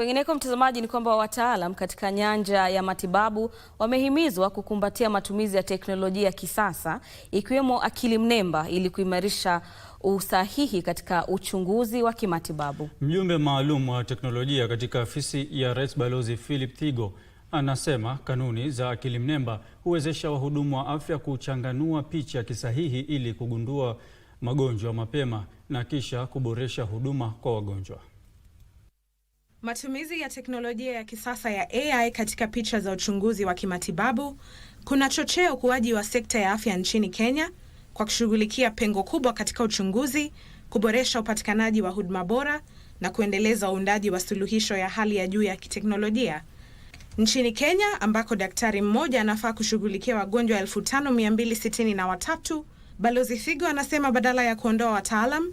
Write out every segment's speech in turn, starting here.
Kwingineko mtazamaji, ni kwamba wataalam katika nyanja ya matibabu wamehimizwa kukumbatia matumizi ya teknolojia ya kisasa ikiwemo akili mnemba ili kuimarisha usahihi katika uchunguzi wa kimatibabu. Mjumbe maalum wa teknolojia katika afisi ya Rais Balozi Philip Thigo anasema kanuni za akili mnemba huwezesha wahudumu wa afya kuchanganua picha kisahihi ili kugundua magonjwa mapema na kisha kuboresha huduma kwa wagonjwa. Matumizi ya teknolojia ya kisasa ya AI katika picha za uchunguzi wa kimatibabu kunachochea ukuaji wa sekta ya afya nchini Kenya kwa kushughulikia pengo kubwa katika uchunguzi, kuboresha upatikanaji wa huduma bora na kuendeleza uundaji wa suluhisho ya hali ya juu ya kiteknolojia. Nchini Kenya ambako daktari mmoja anafaa kushughulikia wagonjwa elfu na watatu, Balozi Figo anasema badala ya kuondoa wataalam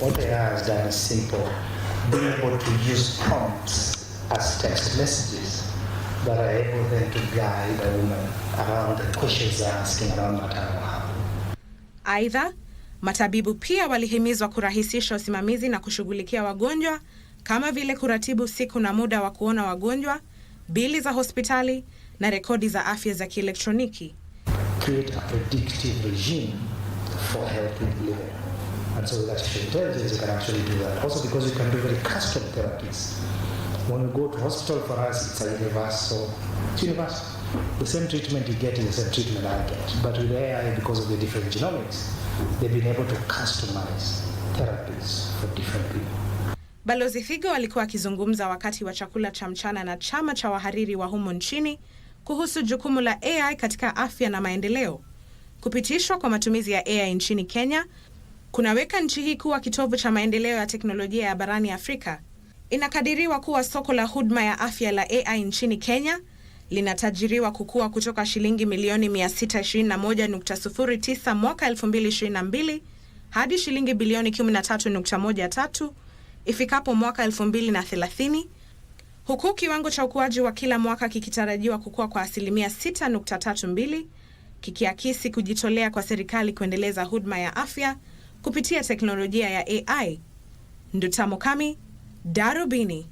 What AI has done is simple. Being able to use prompts as text messages that are able then to guide a woman around the questions they're asking around maternal health. Either. matabibu pia walihimizwa kurahisisha usimamizi na kushughulikia wagonjwa kama vile kuratibu siku na muda wa kuona wagonjwa, bili za hospitali na rekodi za afya za kielektroniki. Create a predictive regime for healthy living. And so artificial intelligence you can actually do that. Also because you can do very custom therapies. When you go to hospital for us, it's a universal. It's universal. The same treatment you get is the same treatment I get. But with AI, because of the different genomics, they've been able to customize therapies for different people. Balozi Figo alikuwa akizungumza wakati wa chakula cha mchana na chama cha wahariri wa humo nchini kuhusu jukumu la AI katika afya na maendeleo. Kupitishwa kwa matumizi ya AI nchini Kenya kunaweka nchi hii kuwa kitovu cha maendeleo ya teknolojia ya barani Afrika. Inakadiriwa kuwa soko la huduma ya afya la AI nchini Kenya linatajiriwa kukua kutoka shilingi milioni 621.09 mwaka 2022 hadi shilingi bilioni 13.13 ifikapo mwaka 2030, huku kiwango cha ukuaji wa kila mwaka kikitarajiwa kukua kwa asilimia 6.32 kikiakisi kujitolea kwa serikali kuendeleza huduma ya afya kupitia teknolojia ya AI. Ndutamo Kami, Darubini.